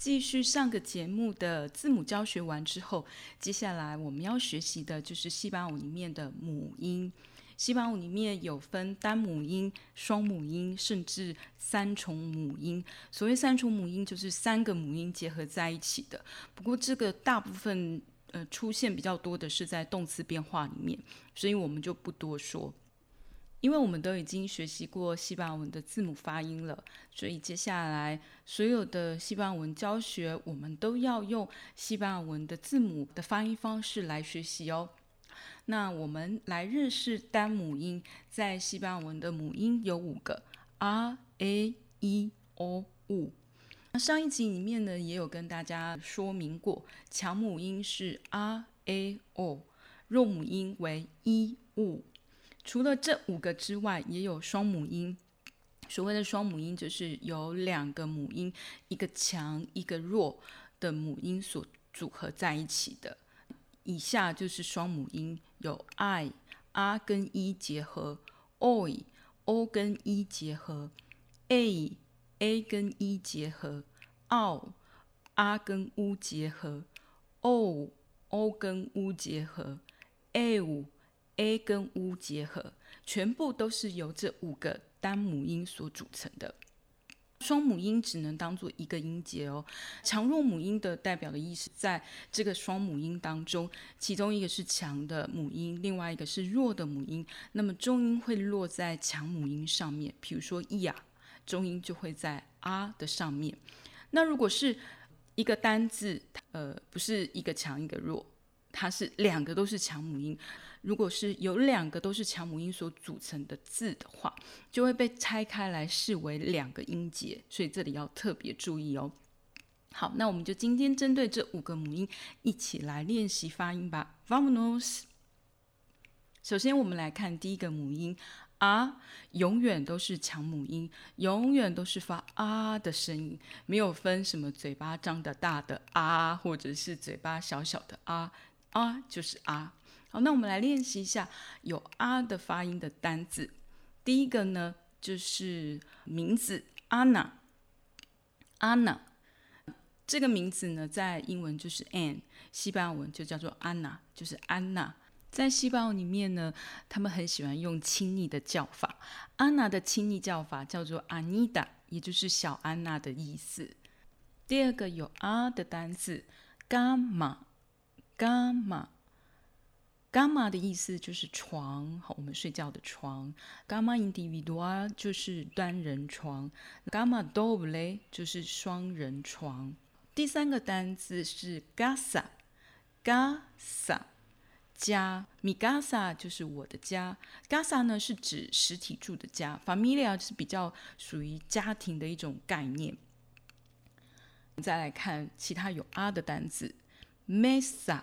繼續上個節目的字母教學完之後，接下來我們要學習的就是西班牙語裡面的母音。西班牙語裡面有分單母音、雙母音，甚至三重母音。所謂三重母音，就是三個母音結合在一起的。不過這個大部分呃出現比較多的是在動詞變化裡面，所以我們就不多說。因為我們都已經學習過西班牙文的字母發音了，所以接下來所有的西班牙文教學，我們都要用西班牙文的字母的發音方式來學習哦。那我們來認識單母音，在西班牙文的母音有五個：a、e、i、o、u。那上一集裡面呢，也有跟大家說明過，強母音是 a、e、o，弱母音為 i、u。除了這五個之外，也有雙母音。所謂的雙母音，就是由兩個母音，一個強、一個弱的母音所組合在一起的。以下就是雙母音：有 i、a 跟 e 結合，o、o 跟 e 結合，a、a 跟 e 結合，o、a 跟 u 結合，o、o 跟 u 結合，o、o 跟 u 結合，l A。a 跟 u 結合，全部都是由這五個單母音所組成的。雙母音只能當做一個音節哦。強弱母音的代表的意思，在這個雙母音當中，其中一個是強的母音，另外一個是弱的母音。那麼重音會落在強母音上面，比如說 e 啊，重音就會在 a 的上面。那如果是一個單字，呃，不是一個強一個弱。它是兩個都是強母音，如果是有兩個都是強母音所組成的字的話，就會被拆開來視為兩個音節，所以這裡要特別注意哦。好，那我們就今天針對這五個母音一起來練習發音吧。Vamos。首先我們來看第一個母音，啊，永遠都是強母音，永遠都是發啊的聲音，沒有分什麼嘴巴張得大的啊，或者是嘴巴小小的啊。啊，就是啊。好，那我們來練習一下有“啊”的發音的單字。第一個呢，就是名字安娜。安娜這個名字呢，在英文就是 Ann，西班牙文就叫做安娜，就是安娜。在西班牙文裡面呢，他們很喜歡用親昵的叫法。安娜的親昵叫法叫做 “Anita”，也就是小安娜的意思。第二個有“啊”的單字，cama。cama，cama Gam 的意思就是床，好，我們睡覺的床。cama individual 就是單人床，cama doble 就是雙人床。第三個單字是 casa，casa，家，mi casa 就是我的家。casa 呢是指實體住的家，familia 就是比較屬於家庭的一種概念。再來看其他有 a 的單字，mesa。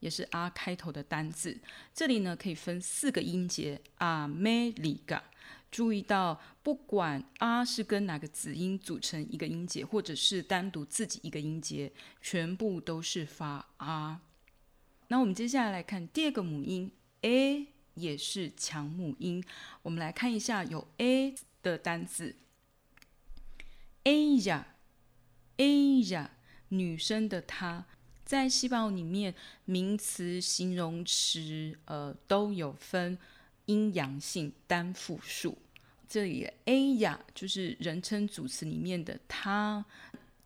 也是 A 開頭的單字，這裡呢可以分四個音節，America。注意到，不管 A 是跟哪個子音組成一個音節，或者是單獨自己一個音節，全部都是發 A。那我們接下來來看第二個母音 E，也是強母音。我們來看一下有 E 的單字，ella，ella，女生的她。在細胞裡面，名詞、形容詞，呃，都有分陰陽性、單複數。這裡，ella，就是人稱主詞裡面的他，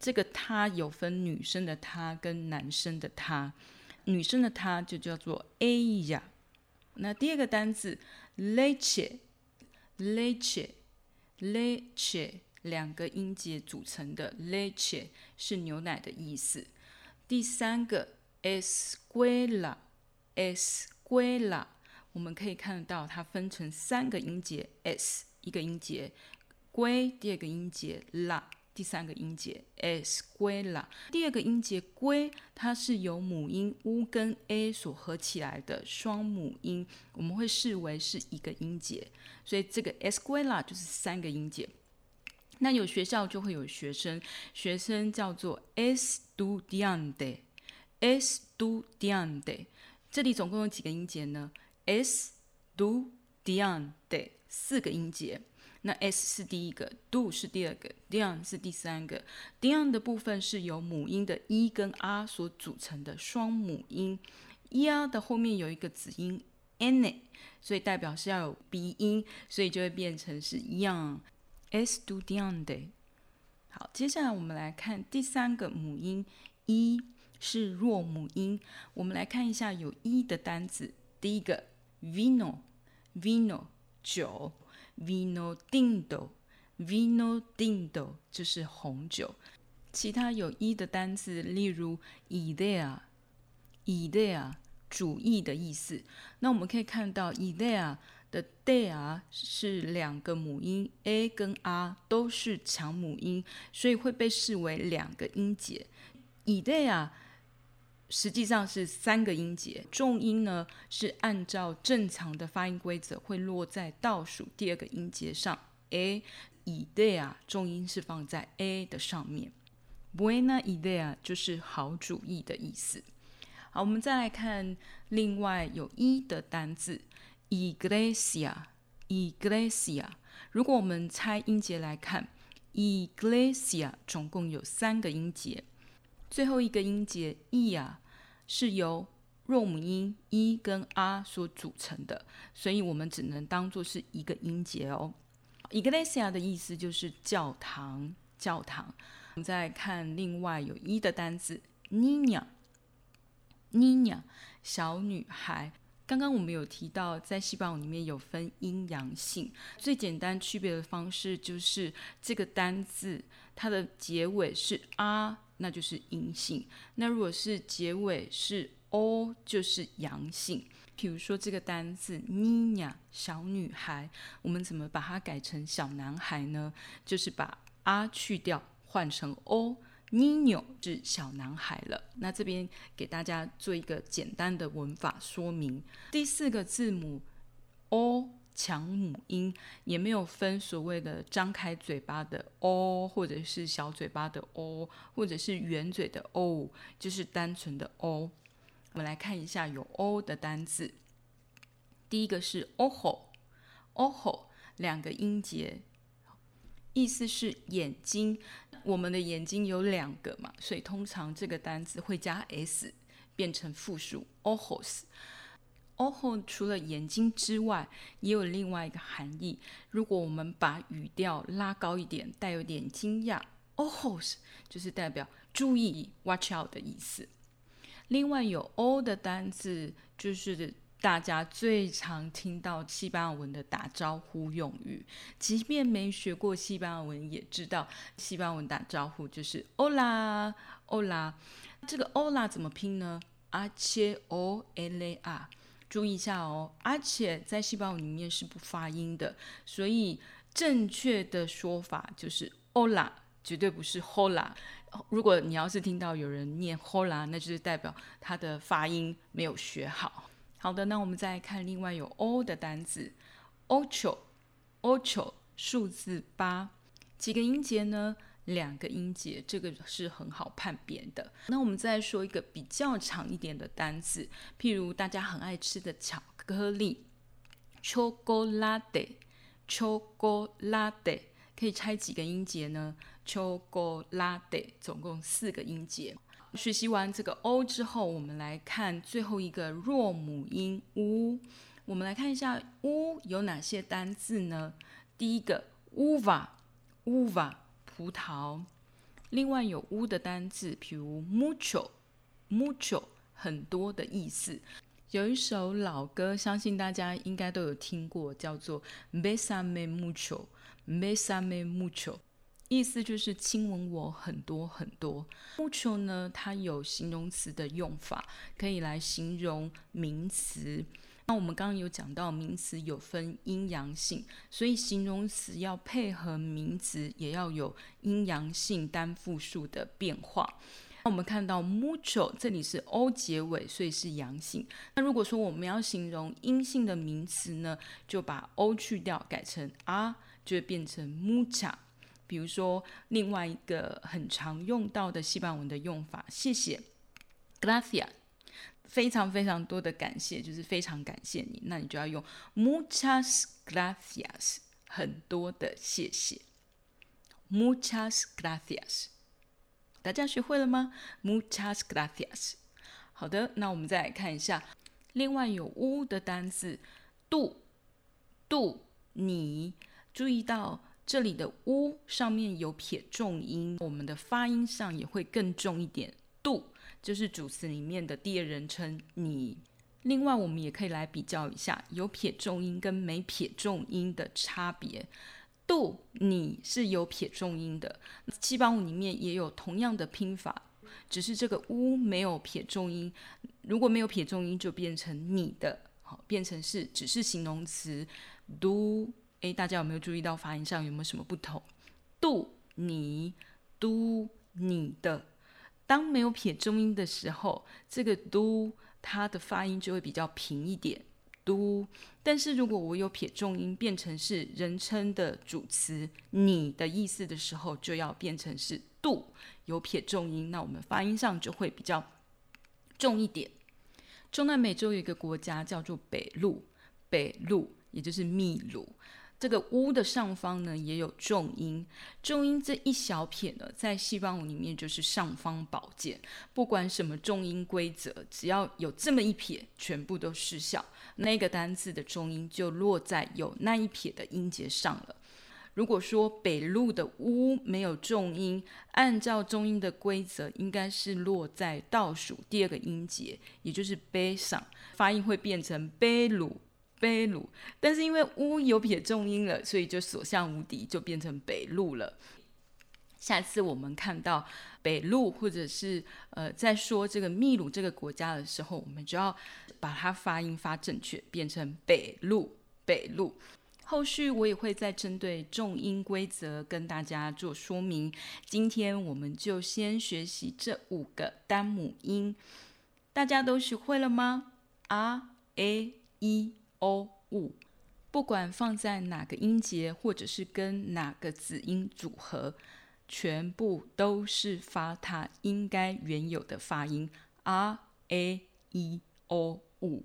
這個他有分女生的她跟男生的他，女生的她就叫做 ella。那第二個單字，leche，leche，leche，Le Le Le 兩個音節組成的 leche 是牛奶的意思。第三個 escuela escuela 我們可以看得到，它分成三個音節：s 一個音節 qu 第二個音節，la 第三個音節。escuela 第二個音節 qu 它是由母音 u 跟 a 所合起來的雙母音，我們會視為是一個音節，所以這個 escuela 就是三個音節。那有學校就會有學生，學生叫做 estudiante，estudiante，這裡總共有幾個音節呢？estudiante，四個音節。那 s 是第一個，do 是第二個，dian 是第三個。dian 的部分是由母音的 e 跟 a 所組成的雙母音，e、yeah、r 的後面有一個子音 n，所以代表是要有鼻音，所以就會變成是 young。Estudiande，好，接下來我們來看第三個母音，一是弱母音。我們來看一下有一的單詞，第一個，vino，vino 酒，vino dindo，vino dindo 就是紅酒。其他有一的單詞，例如，idea，idea 主義的意思。那我們可以看到 idea。I 的 idea 是兩個母音，a 跟 r 都是強母音，所以會被視為兩個音節。idea 實際上是三個音節，重音呢是按照正常的發音規則，會落在倒數第二個音節上。a idea 重音是放在 a 的上面。Buena idea 就是好主意的意思。好，我們再來看另外有 i 的單字。Iglesia, Iglesia。如果我們拆音節來看，Iglesia 總共有三個音節，最後一個音節 ia，是由弱母音 i 跟 a 所組成的，所以我們只能當作是一個音節哦。Iglesia 的意思就是教堂，教堂。我們再看另外有一的單詞 niña，niña，小女孩。剛剛我們有提到，在西班牙裡面有分陰陽性，最簡單區別的方式就是這個單字它的結尾是 a，那就是陰性；那如果是結尾是 o，就是陽性。譬如說這個單字 niña，小女孩，我們怎麼把它改成小男孩呢？就是把 a 去掉，換成 o。niño 是小男孩了，那這邊給大家做一個簡單的文法說明。第四個字母 O 強母音，也沒有分所謂的張開嘴巴的 O，或者是小嘴巴的 O，或者是圓嘴的 O，就是單純的 O。我們來看一下有 O 的單字，第一個是 ojos，ojos 兩個音節。意思是眼睛，我們的眼睛有兩個嘛，所以通常這個單字會加 s 變成複數 ojos。ojos 除了眼睛之外，也有另外一個含義。如果我們把語調拉高一點，帶有點驚訝，ojos 就是代表注意 watch out 的意思。另外有 o 的單字就是。大家最常聽到西班牙文的打招呼用語，即便沒學過西班牙文，也知道西班牙文打招呼就是 “Hola，Hola”。這個 “Hola” 怎麼拼呢？“Ache O L A”。注意一下哦，“Ache” 在西班牙語裡面是不發音的，所以正確的說法就是 “Hola”，絕對不是 “Hola”。如果你要是聽到有人念 “Hola”，那就是代表他的發音沒有學好。好的，那我們再來看另外有 O 的單詞，Ocho，Ocho 數字八，幾個音節呢？兩個音節，這個是很好判別的。那我們再說一個比較長一點的單詞，譬如大家很愛吃的巧克力，Chocolate，Chocolate 可以拆幾個音節呢？Chocolate 總共四個音節。學習完這個 o 之後，我們來看最後一個弱母音 u。我們來看一下 u 有哪些單字呢？第一個 uva，uva 葡萄。另外有 u 的單字，比如 mucho，mucho 很多的意思。有一首老歌，相信大家應該都有聽過，叫做 bésame mucho，bésame mucho。意思就是親吻我很多很多。mucho 呢，它有形容詞的用法，可以來形容名詞。那我們剛剛有講到名詞有分陰陽性，所以形容詞要配合名詞，也要有陰陽性單複數的變化。那我們看到 mucho 這裡是 o 結尾，所以是陽性。那如果說我們要形容陰性的名詞呢，就把 o 去掉，改成 a，就會變成 mucha。比如說，另外一個很常用到的西班牙文的用法，謝謝，Gracias，非常非常多的感謝，就是非常感謝你，那你就要用 Muchas gracias，很多的謝謝，Muchas gracias，大家學會了嗎？Muchas gracias，好的，那我們再來看一下，另外有 u 的單字，do，do，你注意到。這裡的「屋」上面有撇重音，我們的發音上也會更重一點。tú 就是主詞裡面的第二人稱你。另外，我們也可以來比較一下有撇重音跟沒撇重音的差別。tú 你是有撇重音的，七八五裡面也有同樣的拼法，只是這個「屋」沒有撇重音。如果沒有撇重音，就變成你的，好，變成是只是形容詞 tu。誒，大家有沒有注意到發音上有沒有什麼不同？do 你 do 你的，當沒有撇重音的時候，這個都它的發音就會比較平一點。do 但是如果我有撇重音，變成是人稱的主詞“你的”意思的時候，就要變成是度。度有撇重音，那我們發音上就會比較重一點。中南美洲有一個國家叫做北陸，北陸也就是秘魯。這個“屋”的上方呢，也有重音。重音這一小撇呢，在西班牙文裡面就是尚方寶劍。不管什麼重音規則，只要有這麼一撇，全部都失效。那個單字的重音就落在有那一撇的音節上了。如果說 Perú 的“屋”沒有重音，按照重音的規則，應該是落在倒數第二個音節，也就是“悲”上，發音會變成北路“悲魯”。北陸，但是因為烏有撇重音了，所以就所向無敵就變成北陸了。下次我們看到北陸或者是呃在說這個秘魯這個國家的時候，我們就要把它發音發正確，變成北陸北陸。後續我也會再針對重音規則跟大家做說明。今天我們就先學習這五個單母音，大家都學會了嗎？R A E。o u，不管放在哪個音節，或者是跟哪個子音組合，全部都是發它應該原有的發音，r a e o u。U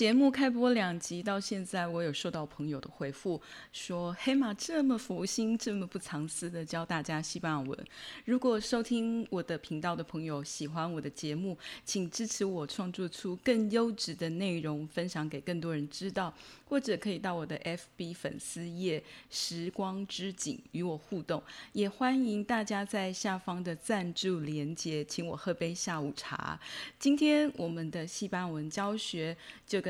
節目開播兩集到現在，我有收到朋友的回復，說 Gema 這麼佛心，這麼不藏私的教大家西班牙文。如果收聽我的頻道的朋友喜歡我的節目，請支持我創作出更優質的內容，分享給更多人知道。或者可以到我的 FB 粉絲頁“時光織錦”與我互動，也歡迎大家在下方的贊助鏈接，請我喝杯下午茶。今天我們的西班牙文教學就跟。